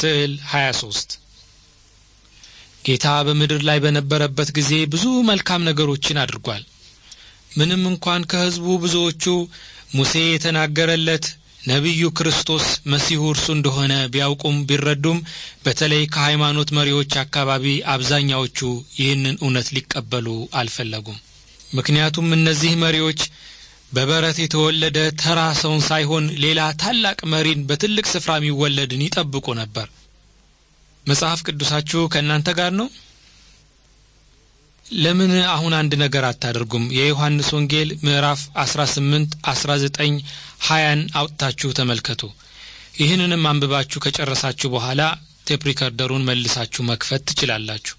ስዕል 23 ጌታ በምድር ላይ በነበረበት ጊዜ ብዙ መልካም ነገሮችን አድርጓል። ምንም እንኳን ከሕዝቡ ብዙዎቹ ሙሴ የተናገረለት ነቢዩ ክርስቶስ መሲሁ እርሱ እንደሆነ ቢያውቁም ቢረዱም፣ በተለይ ከሃይማኖት መሪዎች አካባቢ አብዛኛዎቹ ይህንን እውነት ሊቀበሉ አልፈለጉም። ምክንያቱም እነዚህ መሪዎች በበረት የተወለደ ተራ ሰውን ሳይሆን ሌላ ታላቅ መሪን በትልቅ ስፍራ የሚወለድን ይጠብቁ ነበር። መጽሐፍ ቅዱሳችሁ ከእናንተ ጋር ነው? ለምን አሁን አንድ ነገር አታደርጉም? የዮሐንስ ወንጌል ምዕራፍ 18፣ 19፣ 20ን አውጥታችሁ ተመልከቱ። ይህንንም አንብባችሁ ከጨረሳችሁ በኋላ ቴፕሪከርደሩን መልሳችሁ መክፈት ትችላላችሁ።